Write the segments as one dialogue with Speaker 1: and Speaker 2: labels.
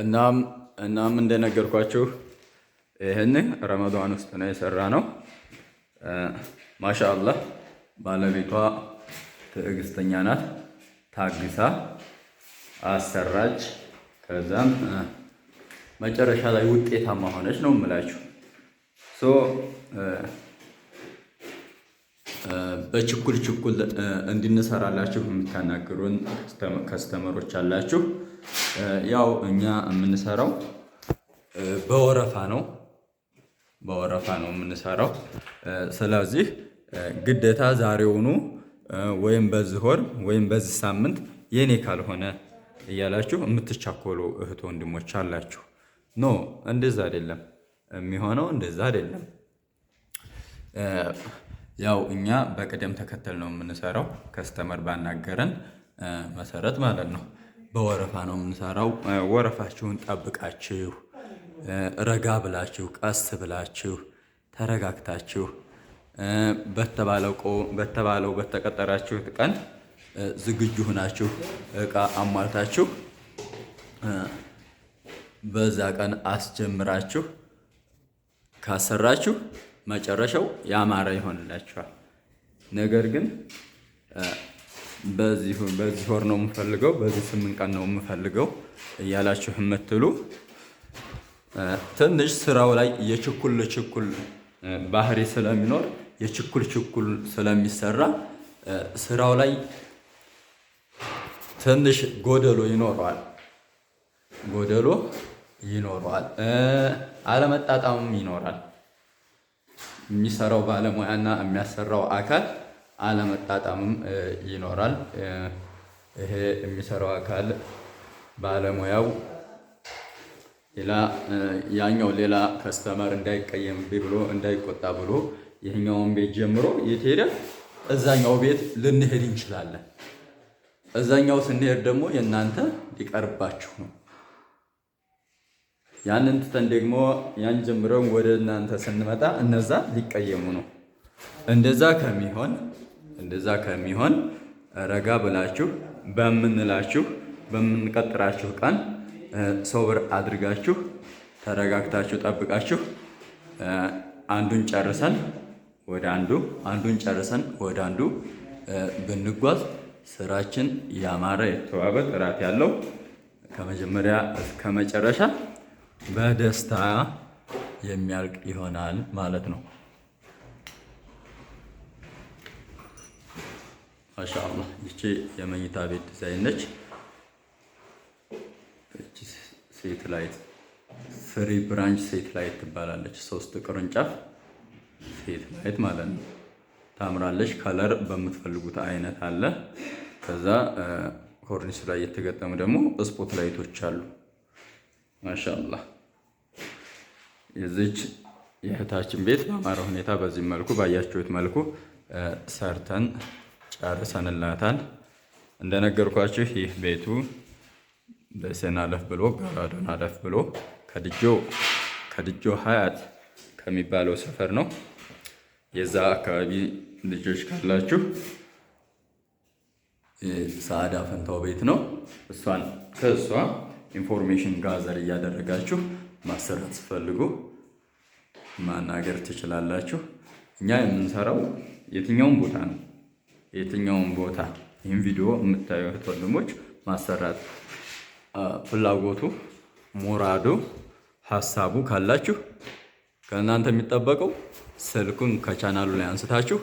Speaker 1: እናም እናም እንደነገርኳችሁ ይህን ረመዷን ውስጥ ነው የሰራ ነው። ማሻአላህ ባለቤቷ ትዕግስተኛ ናት። ታግሳ አሰራች። ከዛም መጨረሻ ላይ ውጤታማ ሆነች ነው የምላችሁ። ሶ በችኩል ችኩል እንድንሰራላችሁ የምታናግሩን ከስተመሮች አላችሁ። ያው እኛ የምንሰራው በወረፋ ነው በወረፋ ነው የምንሰራው። ስለዚህ ግዴታ ዛሬውኑ ወይም በዚህ ወር ወይም በዚህ ሳምንት የኔ ካልሆነ እያላችሁ የምትቻኮሉ እህት ወንድሞች አላችሁ። ኖ እንደዛ አይደለም የሚሆነው፣ እንደዛ አይደለም። ያው እኛ በቅደም ተከተል ነው የምንሰራው ከስተመር ባናገረን መሰረት ማለት ነው። በወረፋ ነው የምንሰራው። ወረፋችሁን ጠብቃችሁ ረጋ ብላችሁ ቀስ ብላችሁ ተረጋግታችሁ በተባለው በተቀጠራችሁት ቀን ዝግጁ ሁናችሁ እቃ አሟልታችሁ በዛ ቀን አስጀምራችሁ ካሰራችሁ መጨረሻው ያማረ ይሆንላችኋል። ነገር ግን በዚህ በዚህ ወር ነው የምፈልገው፣ በዚህ ስምንት ቀን ነው የምፈልገው እያላችሁ የምትሉ ትንሽ ስራው ላይ የችኩል ችኩል ባህሪ ስለሚኖር የችኩል ችኩል ስለሚሰራ ስራው ላይ ትንሽ ጎደሎ ይኖረዋል፣ ጎደሎ ይኖረዋል፣ አለመጣጣምም ይኖራል። የሚሰራው ባለሙያና የሚያሰራው አካል አለመጣጣምም ይኖራል። ይሄ የሚሰራው አካል ባለሙያው ሌላ ያኛው ሌላ ከስተመር እንዳይቀየምብኝ ብሎ እንዳይቆጣ ብሎ ይህኛውን ቤት ጀምሮ የት እዛኛው ቤት ልንሄድ እንችላለን። እዛኛው ስንሄድ ደግሞ የእናንተ ሊቀርባችሁ ነው። ያንን ትተን ደግሞ ያን ጀምረን ወደ እናንተ ስንመጣ እነዛ ሊቀየሙ ነው። እንደዛ ከሚሆን እንደዛ ከሚሆን ረጋ ብላችሁ በምንላችሁ በምንቀጥራችሁ ቀን ሶብር አድርጋችሁ ተረጋግታችሁ ጠብቃችሁ አንዱን ጨርሰን ወደ አንዱ አንዱን ጨርሰን ወደ አንዱ ብንጓዝ ስራችን ያማረ የተዋበ ጥራት ያለው ከመጀመሪያ እስከ መጨረሻ በደስታ የሚያልቅ ይሆናል ማለት ነው። ማሻአላ ይቺ የመኝታ ቤት ዲዛይን ነች። እቺ ሴት ላይት ፍሪ ብራንች ሴት ላይት ትባላለች። ሶስት ቅርንጫፍ ሴት ላይት ማለት ነው። ታምራለች። ከለር በምትፈልጉት አይነት አለ። ከዛ ኮርኒስ ላይ የተገጠሙ ደግሞ ስፖት ላይቶች አሉ። ማሻአላ የዚች የእህታችን ቤት በአማረ ሁኔታ በዚህ መልኩ ባያችሁት መልኩ ሰርተን ጨርሰንላታል። እንደነገርኳችሁ ይህ ቤቱ በስዕን አለፍ ብሎ ጋራዶን አለፍ ብሎ ከድጆ ከድጆ ሀያት ከሚባለው ሰፈር ነው። የዛ አካባቢ ልጆች ካላችሁ ሰዓዳ ፈንታው ቤት ነው። እሷን ከእሷ ኢንፎርሜሽን ጋዘር እያደረጋችሁ ማሰራት ስፈልጉ ማናገር ትችላላችሁ። እኛ የምንሰራው የትኛውም ቦታ ነው። የትኛውን ቦታ ይህን ቪዲዮ የምታዩ እህት ወንድሞች ማሰራት ፍላጎቱ ሞራዶ ሀሳቡ ካላችሁ ከእናንተ የሚጠበቀው ስልኩን ከቻናሉ ላይ አንስታችሁ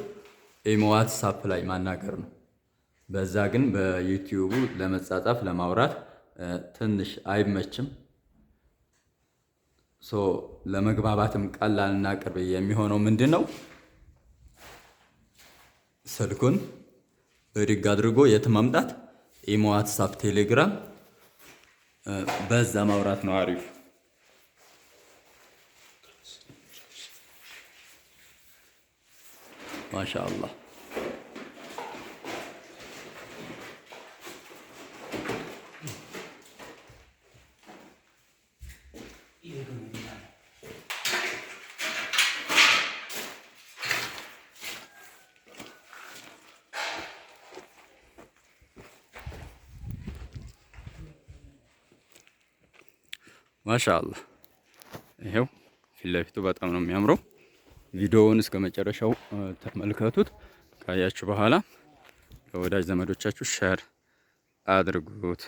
Speaker 1: ኢሞ ዋትሳፕ ላይ ማናገር ነው። በዛ ግን በዩቲዩቡ ለመጻጻፍ ለማውራት ትንሽ አይመችም። ሶ ለመግባባትም ቀላልና ቅርብ የሚሆነው ምንድን ነው ስልኩን ሪግ አድርጎ የት ማምጣት ኢሞ፣ ዋትሳፕ፣ ቴሌግራም በዛ ማውራት ነው አሪፍ። ማሻአላህ ማሻአላ ይሄው ፊት ለፊቱ በጣም ነው የሚያምረው። ቪዲዮውን እስከ መጨረሻው ተመልከቱት። ካያችሁ በኋላ ለወዳጅ ዘመዶቻችሁ ሸር አድርጉት።